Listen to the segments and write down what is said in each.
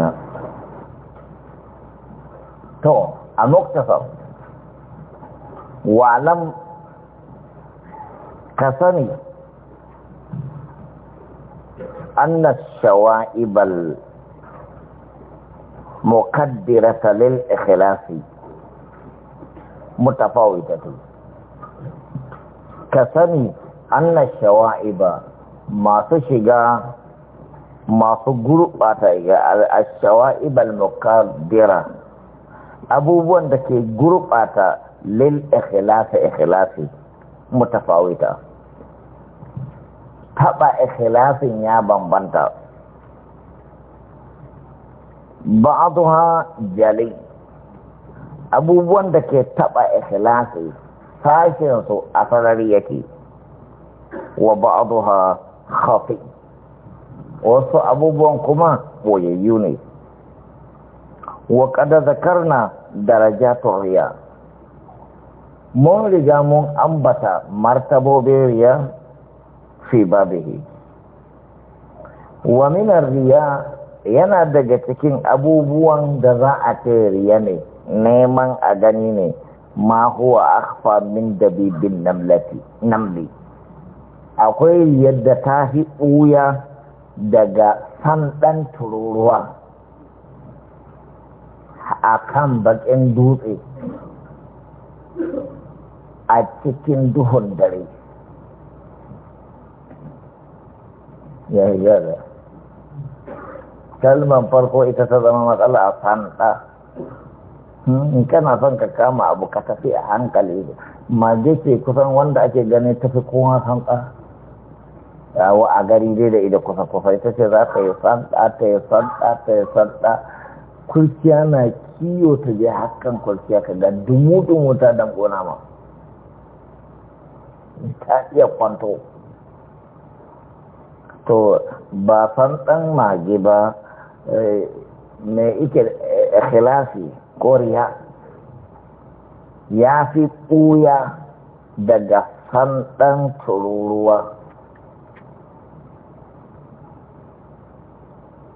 na to a muktasar walam ka sani annas shawa'ibal muqaddirata lil ikhlasi mutafawitatu ka sani annas shawa'iba masu shiga masu gurɓata ga al-shawa'ibal mukaddira abubuwan da ke gurɓata lil ikhlasi ikhlasi mutafawita taba ikhlasin ya bambanta ba'dha jali abubuwan da ke taba ikhlasi sashen su a sarari yake wa ba'dha khafi wasu abubuwan kuma boyayyu ne wa kada zakarna daraja riya mun riga mun ambata martabobin riya fi babihi wa minar riya yana daga cikin abubuwan da za a ce riya ne neman a gani ne ma huwa akhfa min dabibin namlati namli akwai yadda ta fi ɓuya daga sandan tururuwa a kan bakin dutse a cikin duhun dare ya yi yada kalman farko ita ta zama matsala a sanda hmm, in kana son ka kama abu ka tafi a hankali ma ce kusan wanda ake gani tafi kowa sanda yawo a gari dai da ida kusa kusa ita ce za ka yi sanda ta yi sanda ta yi sanda kurciya na kiyo ta je hakan kurciya ka ga dumu-dumu ta gona ma ta iya kwanto to ba san mage ba eh, me ike khilafi koriya ya fi ɓuya daga san tururuwa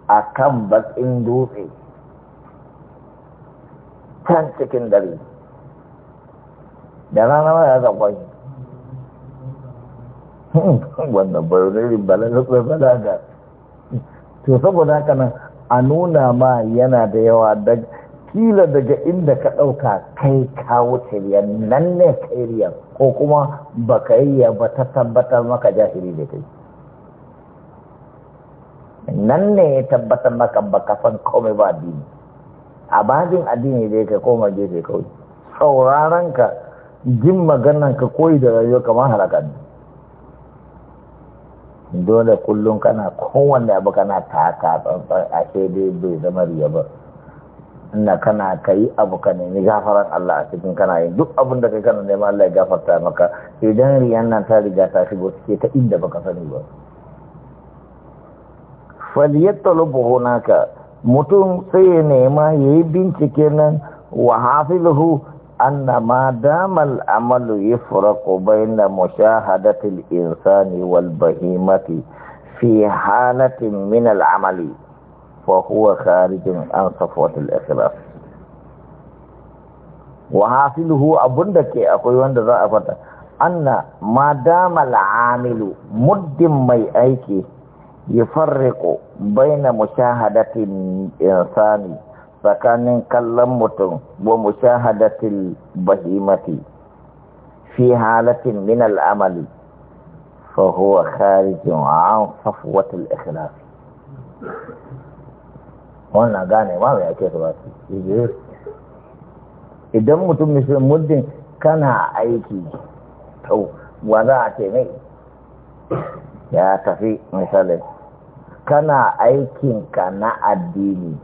a kan bakin dutse can cikin dare da rana ma ya zakwai hmm, wannan bayanin balaga balaga to saboda haka nan a nuna ma yana da yawa daga kila daga inda ka ɗauka kai kawo tiriyar nan ne kai ko kuma baka yi ya ba ta tabbatar maka jahiri da kai nan ne ya tabbatar maka bakafan komai ba addini a bajin addini da ka koma gefe kawai sauraron ka jin maganan ka koyi da rayuwa kamar halakar ne dole kullum kana kowanne abu kana taka tsantsan a dai bai zama riya ba ina kana ka yi abu ka nemi gafaran Allah a cikin kana yin duk abin da kai kana neman Allah ya gafarta maka idan riyan nan ta riga ta shigo cike ta inda baka sani ba falyattalubu hunaka mutum sai ya nema yayi bincike nan wa hafizuhu anna ma damal amalu yafraqu bayna mushahadati al-insani wal bahimati fi halatin min amali fa huwa kharijun an safwat ikhlas wa abunda ke akwai wanda za a fata anna ma damal muddin mai aiki yufarriqu baina mushahadatin insani tsakanin kallon mutum wa mushahadatil bahimati fi halatin min al'amali fa huwa kharijun an safwatil ikhlas wannan gane ma ya ke ba idan mutum musulun muddin kana aiki to wa za a ce mai ya tafi misalin kana aikinka na addini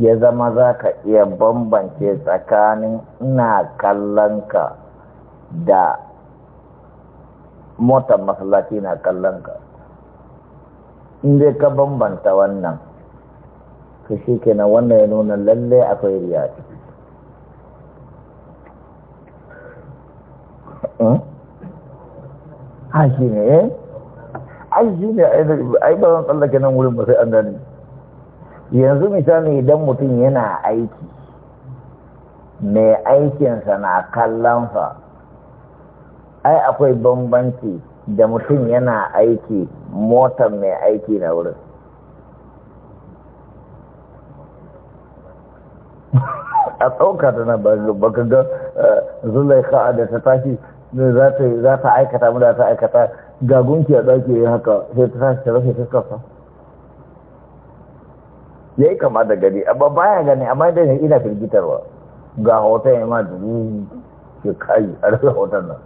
ya zama za ka iya bambance tsakanin ina kallonka da motar masallaci na kallonka inda ka bambanta wannan ka shi kenan wannan ya nuna lallai akwai riya hmm? ha shi ne eh ai shi ne ai ba zan tsallake nan wurin ba sai an gani yanzu misali idan mutum yana aiki mai aikinsa na kallonsa ai akwai bambanci da mutum yana aiki motar mai aiki na wurin a tsauka tana baka ga eh, zulaika da ta tashi za ta aikata mu da ta aikata ga gunki a ɗaki ya haka sai ta tashi ta kafa. ya yi kama da gari amma baya gani amma da ina firgitarwa ga hoton ya ma dubu ke kayi a rasa hoton nan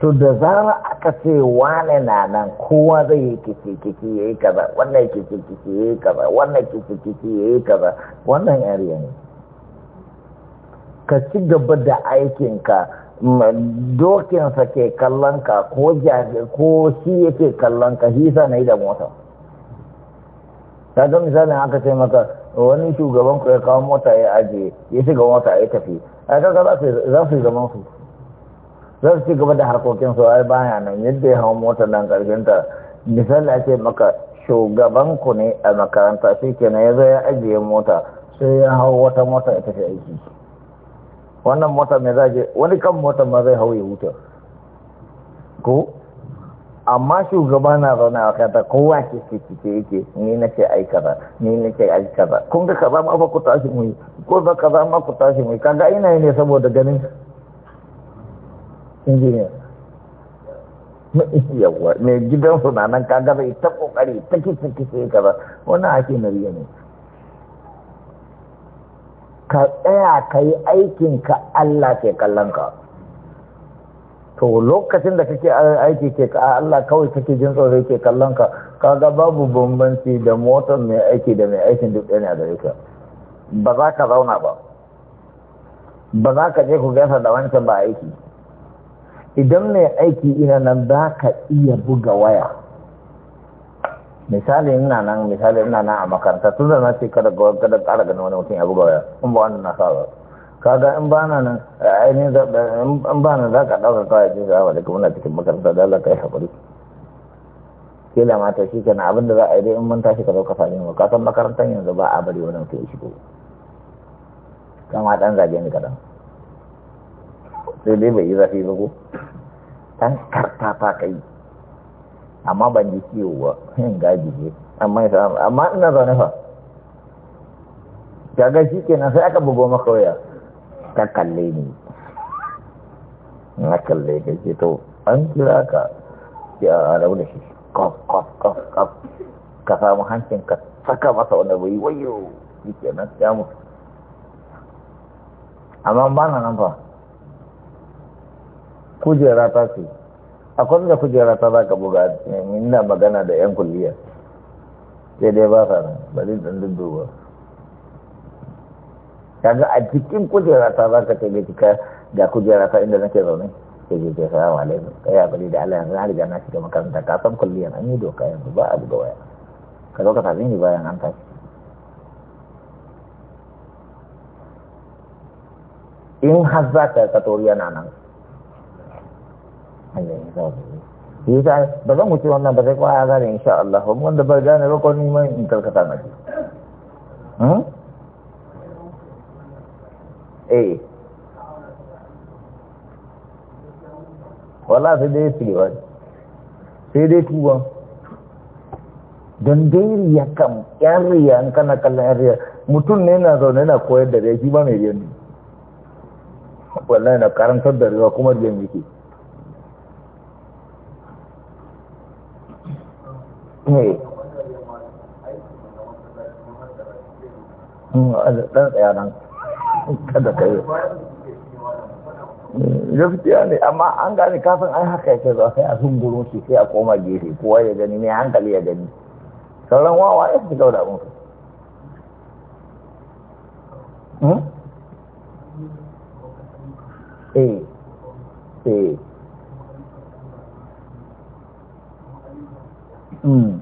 to da zara aka ce wane na nan kowa zai yi kici-kici ya yi kaza wannan kici-kici ya yi kaza wannan kici-kici ya yi kaza wannan yariya ne ka ci gaba da aikinka dokinsa ke kallon ka ko ko shi yake kallon ka shi sa na yi da mota ta ga misalin aka ce maka wani shugaban ku ya kawo mota ya ajiye ya shiga mota ya tafi a kaka za su yi zaman su za su ci gaba da harkokin su ai baya nan yadda ya hau mota nan karfinta misali a ce maka shugaban ku ne a makaranta shi kenan ya zo ya ajiye mota sai ya hau wata mota ya tafi aiki wannan mota mai zaje wani kan mota ma zai hau ya wuta ko amma shugaba na zaune a kata kowa ke cike yake ni na ce ai kaza ni na ce ai kaza kun ga kaza ma ku tashi mu ko ba kaza ma ku tashi mu kaga ina ne saboda ganin injiniya yawwa ne gidan su na nan kaga bai ta kokari ta kike kike kaza wannan ake nariya ne ka tsaya ka yi aikinka Allah ke kallon ka to lokacin da kake aiki ke ka Allah kawai kake jin tsoro ke kallon ka kaga babu bambanci da motar mai aiki da mai aikin duk ɗaya ne a gare ka ba za ka zauna ba ba za ka je ku gasa da wancan ba aiki idan mai aiki ina nan za ka iya buga waya misali ina nan misali ina nan a makaranta tun da na ce kada kada kara ganin wani mutum ya buga waya in ba wannan na ba kaga in ba na nan ainihin in ba na za ka ɗaukar kawai jin zawa da kuma cikin makaranta da Allah kai haƙuri da mata shi kenan abin da za a yi dai in mun tashi ka zo ka sami mu kasan makarantar yanzu ba a bari wani mutum ya shigo kama ɗan zage ni kaɗan sai dai bai yi zafi ba ko ɗan karta kai amma ban ji ciwo ba yin gaji ne amma amma ina zaune fa gashi shi kenan sai aka bugo makawaya ka kalle ni na kalle ka ce to an kira ka ya rau da shi kof kof kof kof ka samu hancin ka saka masa wanda bai wayo shi kenan ya mutu amma ba na nan ba kujera ta ce Akwai da kujera ta za ka buga ina magana da 'yan kulliya sai dai ba sa nan bari ɗan dudduba kaga a cikin kujera ta za ka tege cika ga kujera ta inda nake zaune sai je ke salamu alaikum kai ya bari da Allah yanzu na riga na shiga makaranta ka san kulliyan an yi doka yanzu ba a buga waya ka zo ka tafi ni bayan an tashi in har za ka katoriya na nan shi ta ba zan wuce wannan ba sai kuma ya gane insha Allah ba wanda bai gane ba ko ni ma in karkata na eh wala sai dai fili wani. sai dai tuba don dai ya kam yan riya in kana kallon yan riya mutum ne na zaune na koyar da riya shi ba mai riya ne wallahi na karantar da riya kuma riyan yake ɗan tsayanan kada ka yi ne amma an gane kafin ai haka yake zuwa sai a zungurun shi sai a koma gefe kowa ya gani mai hankali ya gani sauran wawa ya fi gauda musu eh mm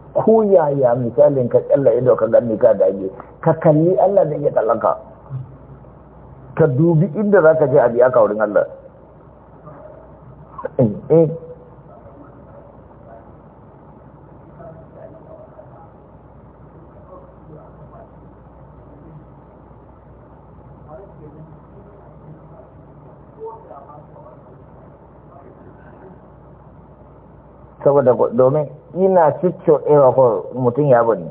ko yaya misalin ka tsalla ido ka gani ka dage ka kalli Allah da ya talaka ka dubi inda zaka je a aka wurin Allah eh, eh. saboda domin ina cicco ɗaya ko mutum ya bane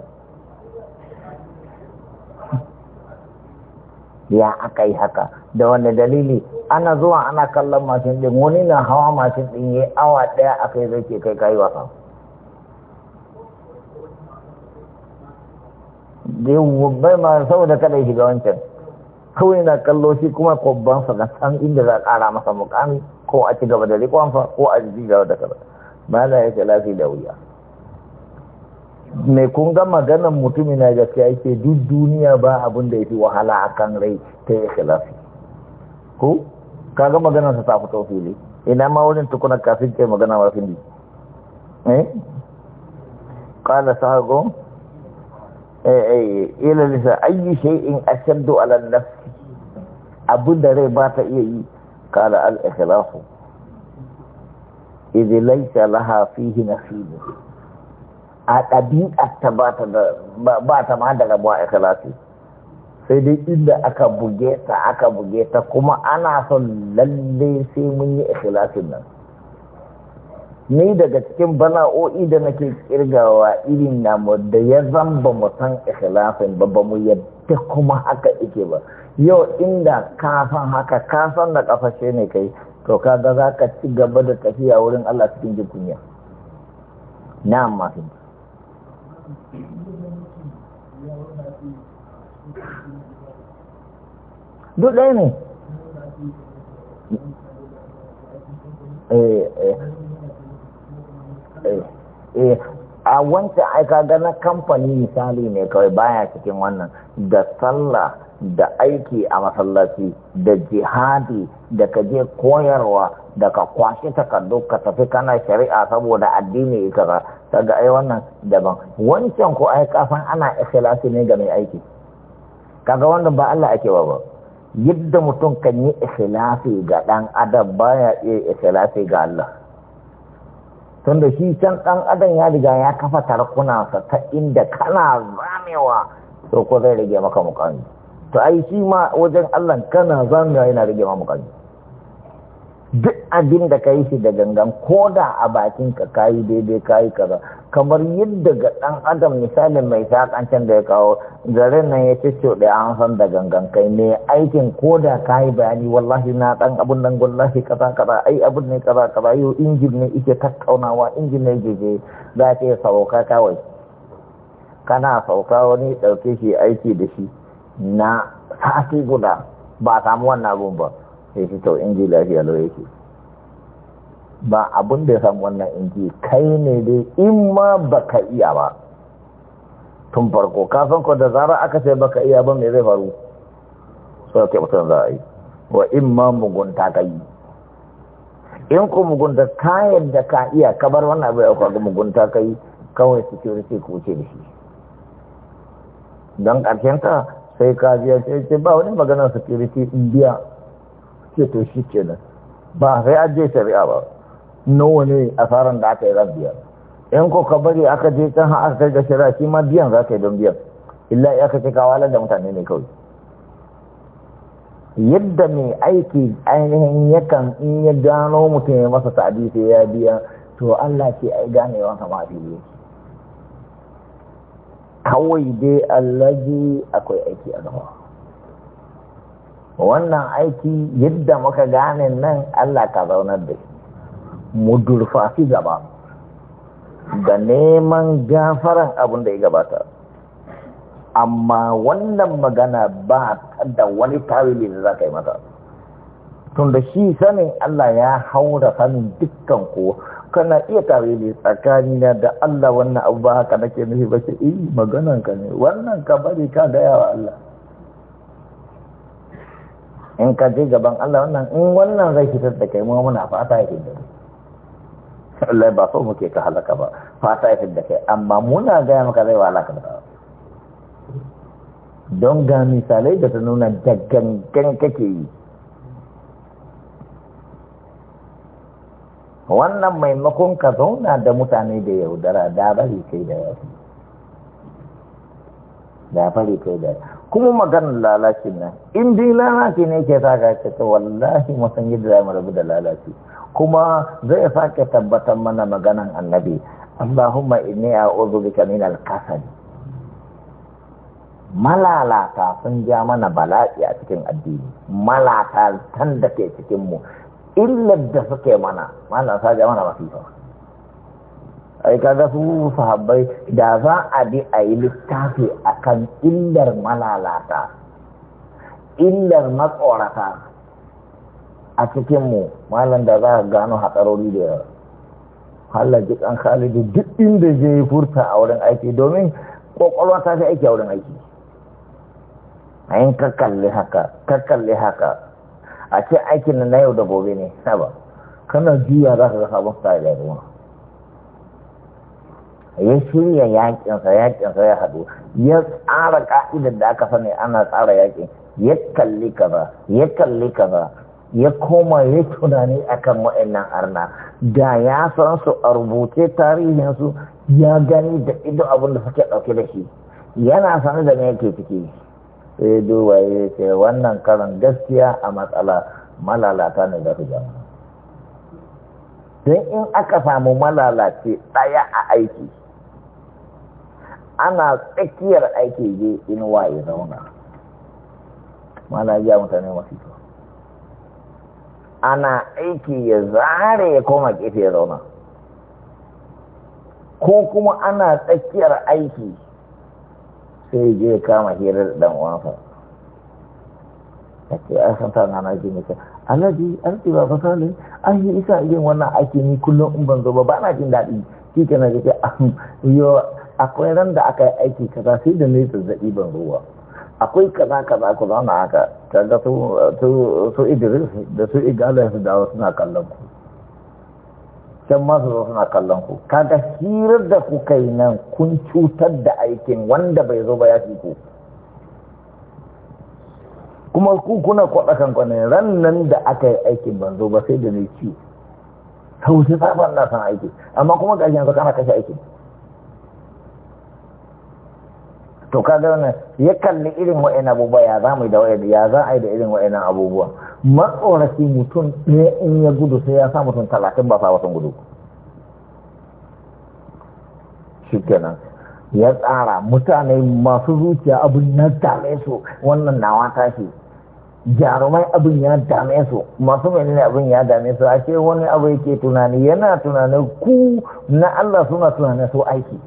ya aka yi haka da wani dalili ana zuwa ana kallon mashin ɗin wani na hawa mashin ɗin ya awa ɗaya a kai zai ke kai kayi wasa bai ma saboda kada ya shiga wancan kawai na kallo shi kuma kwabbansa na san inda za a ƙara masa mukami ko a ci gaba da rikonfa, ko a ji gaba da kaza ma na yake lafi da wuya mai kun ga maganan mutumin na gaskiya yake duk duniya ba abin da ya fi wahala a kan rai ta yi khilafi ko ga maganan sa ta fito ne ina ma wurin tukuna kafin ke magana ma fili eh qala sahago eh eh ila lisa ayi shay'in ashaddu ala nafsi abin da rai ba ta iya yi kala al ikhlasu idh laysa laha fihi nasibu a ɗabi'a ta ba ta ma da rabuwa sai dai inda aka buge ta aka buge ta kuma ana son lalle sai mun yi ikhlasin nan ni daga cikin bala'o'i da nake kirgawa irin namu da ya zamba mu san ikhlasin ba ba mu yadda kuma haka ike ba yau inda kafan haka kafan da kafashe ne kai to kaga za ka ci gaba da tafiya wurin Allah cikin jin kunya na mafi duk ɗaya ne eh eh eh, eh. a wancan aika gana kamfani misali ne kawai baya cikin wannan da sallah da aiki a masallaci da jihadi da ka je koyarwa da ka kwashe takardu ka tafi kana shari'a saboda addini kaza kaga ai wannan daban wancan ko ai kafan ana ikhlasi ne ga mai aiki kaga wanda ba Allah ake ba ba yadda mutum kan yi ikhlasi ga dan adam baya iya ikhlasi ga Allah tunda shi can ɗan adam ya riga ya kafa tarkunansa ta inda kana zamewa to ko zai rage maka mukami to ai shi ma wajen Allah kana zamewa yana rage ma mukami duk abin da ka yi shi da gangan ko da a bakin ka yi daidai ka yi kaza kamar yadda ga ɗan adam misalin mai saƙancin da ya kawo garin nan ya ce da an san da gangan kai ne aikin ko da ka yi bayani wallahi na ɗan abun nan wallahi kaza kaza ai abun ne kaza kaza yau injin ne ike tattaunawa injin ne jeje za ka yi sauka kawai kana sauka wani ɗauke shi aiki da shi na sati guda ba samu wannan abun ba Sai ta tau inji lafiya lau yake ba abin da ya samu wannan inji kai ne dai in ma baka iya ba tun farko kafin ko da zara aka ce baka iya ba mai zai faru sau ke mutum za a wa in ma mugunta ka yi in ku mugunta kayan da ka iya kabar wannan abu ya kwaga mugunta ka yi kawai security ku wuce da shi don ƙarshenta sai ka biya sai ce ba wani maganar security in biya ce to shi kenan ba sai an je shari'a ba nawa ne a tsarin da aka yi ran biyar in ko ka bari aka je kan har aka ga shari'a shi ma biyan za ka yi don biyan illa ya ka ce da mutane ne kawai yadda mai aiki ainihin yakan in ya gano mutum ya masa ta'adi sai ya biya to Allah ce ai ganewa kama biyu kawai dai allaji akwai aiki a gaba wannan aiki yadda muka gane nan Allah ka zaunar da mu durfafi gaba da neman gafaran abin da ya gabata amma wannan magana ba da wani tawili da za ka yi mata tun da shi sanin Allah ya haura sanin dukkan ko kana iya tawili na da Allah wannan abu ba haka nake nufi ba ce eh maganan ka ne wannan ka bari ka gaya wa Allah in ka je gaban Allah wannan in wannan zai fitar da kai mu muna fata ya fitar Allah ba so muke ka halaka ba fata ya fitar da kai amma muna gaya maka zai wala ka da don ga misalai da ta nuna da gangan kake yi wannan maimakon ka zauna da mutane da yaudara da bari kai da yafi da fari kai da kuma maganar lalaci nan in dai lalaci ne ke sa ka ta wallahi mu san yadda zamu da lalaci kuma zai sake tabbatar mana maganan annabi Allahumma inni a'udhu bika min al malalata sun ja mana bala'i a cikin addini malata tan da ke cikin mu illar da suke mana malalata ja mana masifa ai kaga su sahabbai da za a bi a yi littafi kan illar malalata illar matsorata a cikinmu malam da za a gano hatsaroli da yawa Allah ji kan Khalidu duk inda je furta a wurin aiki domin kokolwa ta fi aiki a wurin aiki a yin kakalli haka kakalli haka a ce aikin na yau da gobe ne saba kana juya za ka ga sabon style ya ruwa ya shirya yakinsa yakinsa ya haɗu ya tsara ka'idar da aka sani ana tsara yakin ya kalli kaza ya kalli kaza ya koma ya tunani akan wa'annan arna da ya san su a rubuce tarihinsu ya gani da ido abin da suke ɗauke da shi yana sanar da me yake ciki sai duba ya ce wannan karan gaskiya a matsala malalata ne da don in aka samu malalace ɗaya a aiki ana tsakiyar aiki je inuwa ya zauna mana ya mutane masu kyau ana aiki ya zare ya koma gefe ya zauna ko kuma ana tsakiyar aiki sai je kama hirar dan uwansa yake a san ta nana ji ne alaji arti ba fasa ne an yi isa yin wannan aiki ni kullum in ban zo ba ba na jin daɗi shi ke na jike ah, yo akwai ran da aka yi aiki kaza sai da ne zazzaɓi ban ruwa akwai kaza kaza ku na haka ta su su idris da su igala su dawo suna kallon ku can ma su zo suna kallon ku kaga hirar da ku kai nan kun cutar da aikin wanda bai zo ba ya fi ku kuma ku kuna kwaɗa kanku ran nan da aka yi aikin ban zo ba sai da ne ci sau sai sabon na san aiki amma kuma ga yanzu kana kashe aikin to ka wannan ya kalli irin wa'in abubuwa ya za mu da wa'in ya za a yi da irin wa'in abubuwa matsorafi mutum ɗaya in ya gudu sai ya sa mutum talatin ba sa wasan gudu shi kenan ya tsara mutane masu zuciya abin ya dame su wannan nawa tashi jarumai abin ya dame su masu menene abin ya dame su ake wani abu yake tunani yana tunanin ku na Allah suna tunanin su aiki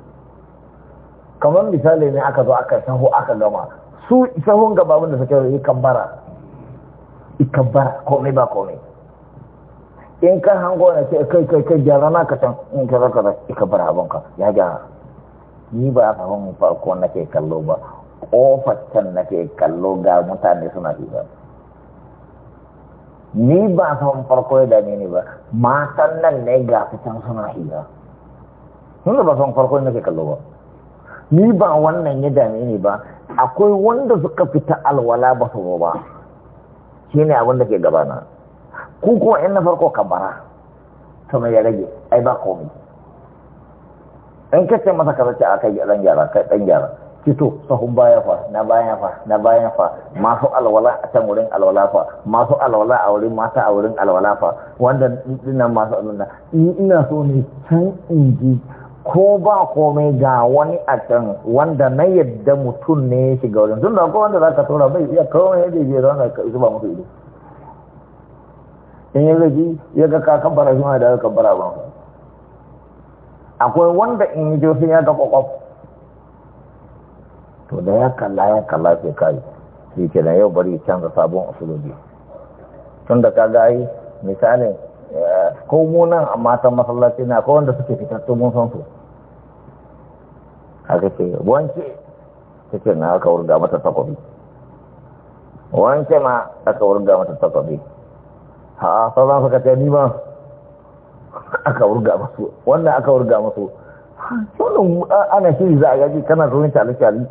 kamar misali ne aka zo aka saho aka gama su sahon gaba wanda suke yi kambara bara, komai ba komai in ka hango na ce kai kai kai gyara na ka can in ka zaka zai ikabbar ka ya gyara ni ba a sahon farko ke kallo ba kofar can ke kallo ga mutane suna ba ni ba hango farko ya dame ni ba matan nan ne ga fitan suna ba sun da ba sahon farko nake kallo ba ni ba wannan ya dame ni ba akwai wanda suka fita alwala ba su ba shi ne abin da ke gabana ku kuma in na farko bara ta mai ya rage ai ba komi in kace masa ka zace aka yi dan gyara kai dan gyara fito sahun baya fa na baya fa na baya fa masu alwala a can wurin alwala fa masu alwala a wurin mata a wurin alwala fa wanda dinnan masu alwala ina so ne can in ji ko ba komai ga wani a can wanda na yadda mutum ne ya shiga wajen tun da wanda za ka tura bai iya kawai ya da zauna su ba mutu ido in ya zaji ya ga ka kabbara shi ma da ya kabbara ba akwai wanda in yi josin ya ga kwakwaf to da ya kalla ya kalla sai kai shi ke yau bari canza sabon usulobi tun da ka ga misalin ko mu nan a matan masallaci na ko wanda suke fitattu mun san su haka ce wanke suke na aka wurga mata takobi wanke ma aka wurga mata takobi ha sauran suka ce nima ma aka wurga masu wannan aka wurga masu sunan ana shiri za a gaji kana zuwa shali-shali.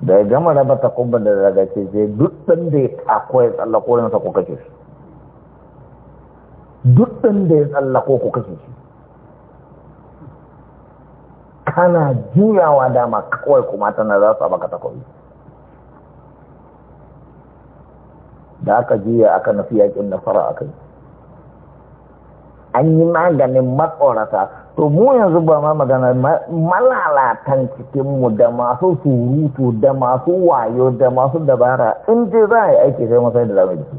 da ya gama raba takubban da daga ce sai duk ɗan da ya tako ya tsallako yansa ko kashe shi duk ɗan da ya tsallako ko kashe shi kana juyawa dama kawai kuma tana za su abaka takobi da aka juya aka nufi yakin nasara a kai an yi maganin matsorata to mu yanzu ba ma magana malalatan cikinmu da masu surutu da masu wayo da masu dabara in dai za a yi aiki sai masai da labarci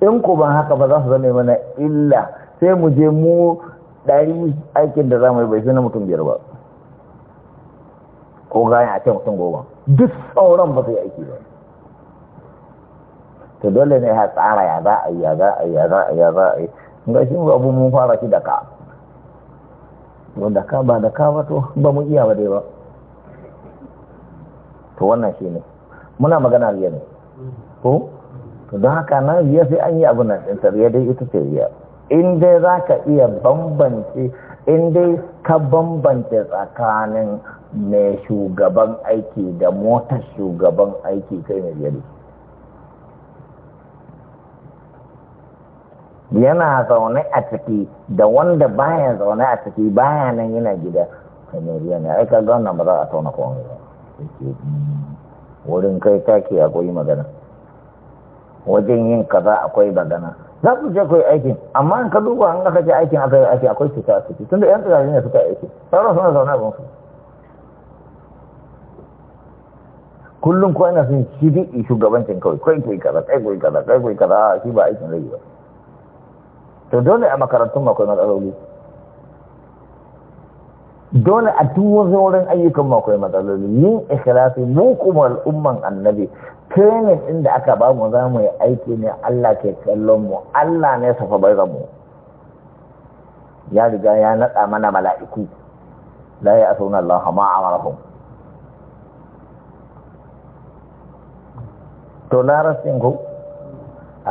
in ku ban haka ba za su zama mana illa sai mu je mu ɗari aikin da za mu yi bai na mutum biyar ba ko gani a ce mutum goma duk sauran ba su yi aiki ba to dole ne ya tsara ya za a yi ya za a yi ya za a yi ya za ga shi abu mun fara shi da ka wanda ka ba da ka to ba mu iya ba dai ba to wannan shi ne muna magana riya ne ko to don haka nan riya sai an yi abin nan ɗinta riya dai ita ce riya in dai za ka iya bambance in dai ka bambance tsakanin mai shugaban aiki da motar shugaban aiki kai ne riya dai yana zaune a ciki da wanda baya zaune a ciki baya nan yana gida kamar yana aika ga wannan ba za a tauna komai ba hmm, wurin kai take akwai magana wajen yin kaza akwai magana za ku je kai aikin amma in ka duba an aka je aikin aka yi aiki akwai cuta a ciki tunda yan tsirrai ne suka aiki sauran suna zaune a su kullum ko yana sun shi shugabancin kawai kai kai kaza kai kai kaza kai kai kaza shi ba aikin rai ba to dole a makarantun akwai matsaloli dole a duk wurin ayyukan akwai matsaloli yin ikhlasi mu kuma al'umman annabi training din da aka ba mu za mu yi aiki ne Allah ke kallon mu Allah ne safa bai mu ya riga ya naɗa mana mala'iku la ya asuna Allah ma amarahum to larasin ko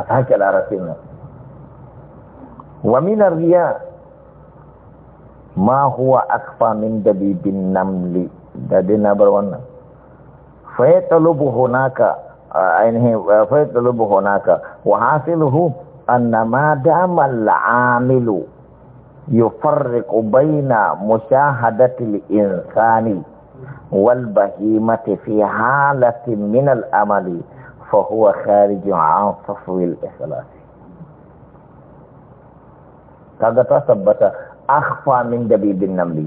a sake larasin nan ومن الرياء ما هو أكفى من دبيب النمل دبينا برونا فيطلب هناك يعني فيطلب هناك وحاصله أن ما دام العامل يفرق بين مشاهدة الإنسان والبهيمة في حالة من الأمل فهو خارج عن صفو الإخلاص kaga ta tabbata akhfa min dabibin namli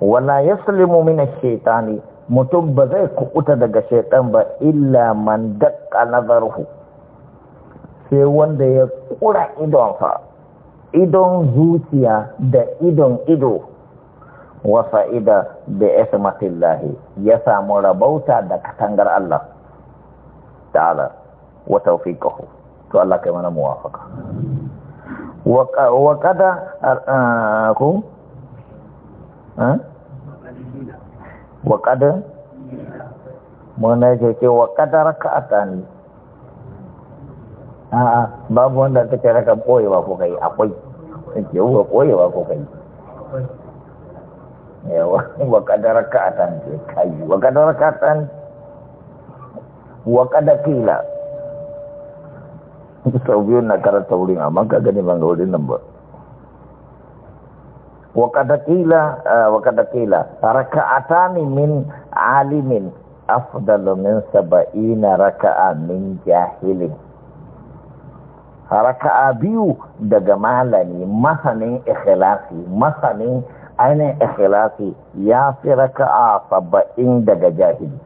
wala yaslimu min ash-shaytani mutum ba zai kukuta daga shaitan ba illa man dakka nazaruhu sai wanda ya kura idonsa idon zuciya da idon ido wa fa'ida da ismatillahi ya samu rabauta da katangar Allah ta'ala wa tawfiqahu to Allah kai mana muwafaka وقد أكو وقد mana yake ce wa kadara ka atani a'a babu wanda take raka koyewa ko kai akwai yake wa koyewa ko kai yawa wa kadara ka atani kai wa kadara ka atani wa kadakila sau biyu na karanta wurin amma ka gani ban ga wurin nan ba wakada eh, kila raka'atani min alimin afdalu min saba'ina raka'a min jahilin raka'a biyu daga malami masanin ikhlasi masanin ainihin ikhlasi ya fi raka'a saba'in daga jahili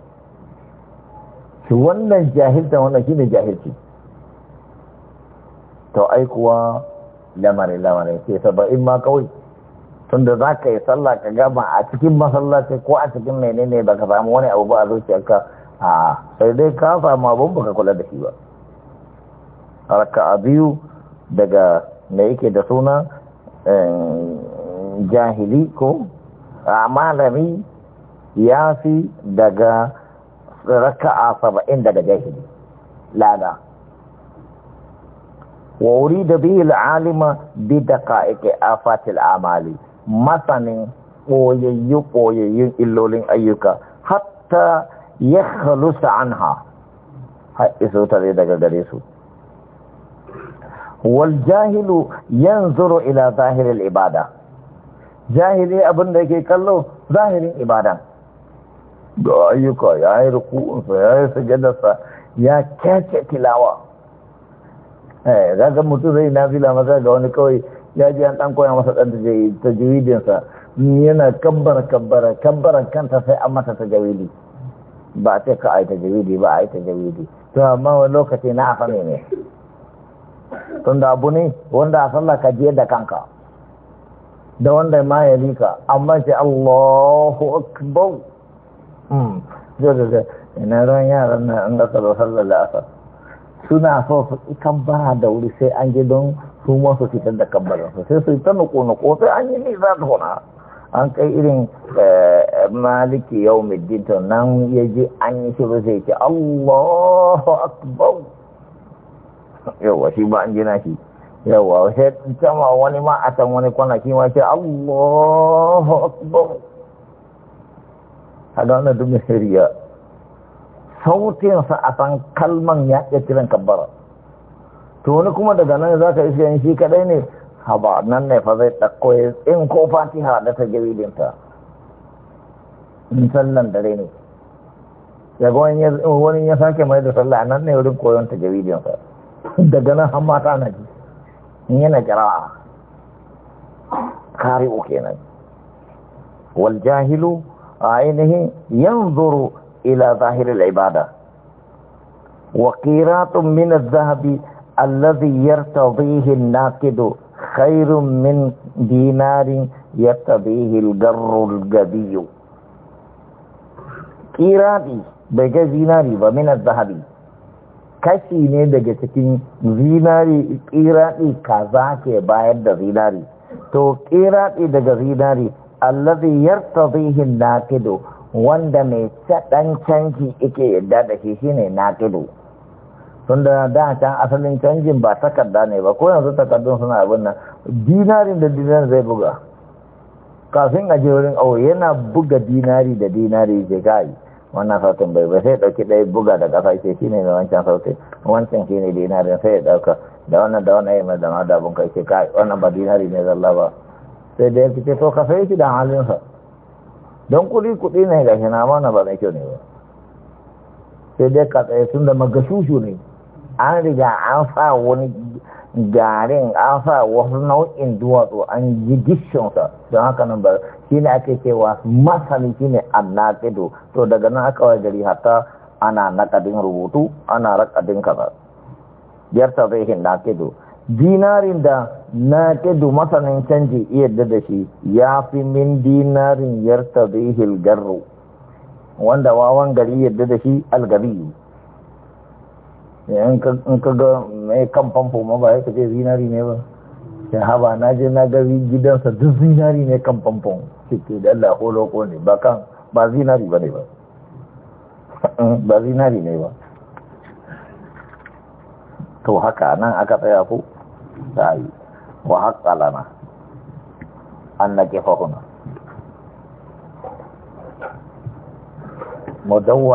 wannan jahilta wannan shine jahilci to aikuwa kuwa lamarin lamarin ce saba'in ma kawai tunda za ka yi sallah ka gama a cikin masallaci ko a cikin menene ba ka samu wani abu ba a zuciyarka a sai dai ka samu abun baka kula da shi ba harka a biyu daga me yake da suna eh, jahili ko a malami ya fi daga raka'a saba'in daga jahili lada wa da biyu al'alima bi a fatil amali masanin ɓoyayyu ɓoyayyun illolin ayyuka hatta ya khalusa anha Ha iso tare daga gare su wal jahilu yanzuru ila zahirin ibada jahili abinda yake kallo zahirin ibada ga ayyuka ya yi rukunsa ya yi sujadarsa ya kyace tilawa Eh, zaka ga mutum zai nafila masa ga wani kawai ya ji an koya masa dan tajwidinsa yana kabbara kabbara kabbara kanta sai an mata tajiridi ba a ce a yi tajiridi ba a yi tajiridi to amma wani lokaci na afa ne ne tun da abu ne wanda a sallah ka je da kanka da wanda ma ya lika amma ce Allahu akbar mm zai ina ran yaran na an da sallar asar suna so su kan da wuri sai an je don su masu su fitar da kabbarin su sai su yi ta nuko-nuko sai an yi nisa hona an kai irin eh, maliki yau midito nan ya ji an yi shiru sai ce allahu akbar yawa shi ba an gina shi yawa sai cama wani ma a can wani kwanaki ma ce allahu akbar a ga wannan shari'a sautinsa a san kalman ya iya kiran kabbara to wani kuma daga nan za ka iske yin shi kadai ne haba nan ne fa zai ɗakko ya tsin ko fatiha da ta jaridinta ta? sallan dare ne ya ga wani ya sake mai da sallah nan ne wurin koyon ta ta daga nan han mata na ji in yana jara'a kari'u kenan wal jahilu ainihin yanzuru ila zahiril ibada wa qiratun min adh-dhahabi alladhi yartadihi an-naqidu khairun min dinarin yartadihi al-garru al-gabiy qirati bai ga zinari ba min adh-dhahabi kashi ne daga cikin zinari qirati kaza ke bayar da zinari to qirati daga zinari alladhi yartadihi an-naqidu wanda mai caɗan canji ike yadda da shi ne na tudu sun da da can asalin canjin ba takarda ne ba ko yanzu takardun suna abin nan dinarin da dinarin zai buga kafin a wurin au yana buga dinari da dinari zai gayi wannan sautin bai bai sai dauki dai buga da ƙasa ce shine mai wancan sautin wancan shine dinarin sai ya dauka da wannan da wannan yayin da ma da bunka kai ce kai wannan ba dinari ne zalla ba sai da yake to ka yake da halin sa don kuɗi kuɗi ne ga shi na mana ba mai kyau ne ba sai dai ka tsaye sun da magashushu ne an riga an sa wani garin an sa wasu nau'in duwatsu an yi gishinsa don haka nan ba shi ne ake cewa masani shi ne annaƙido to daga nan aka wa gari hatta ana naƙadin rubutu ana raƙadin kaza biyar ta zai hin naƙido dinarin da na ƙidu masanin canji yadda da shi ya fi min dinarin yarta zihil garro wanda wawan gari yadda da shi algari in ka ga mai kan famfo ma ba ya ce zinari ne ba ya haba na je na gari gidansa duk zinari ne kan famfon ke da Allah ko ne ba kan ba zinari ba ne ba ba zinari ne ba to haka nan aka tsaya ko tayi wa haqqa lana an mudawwa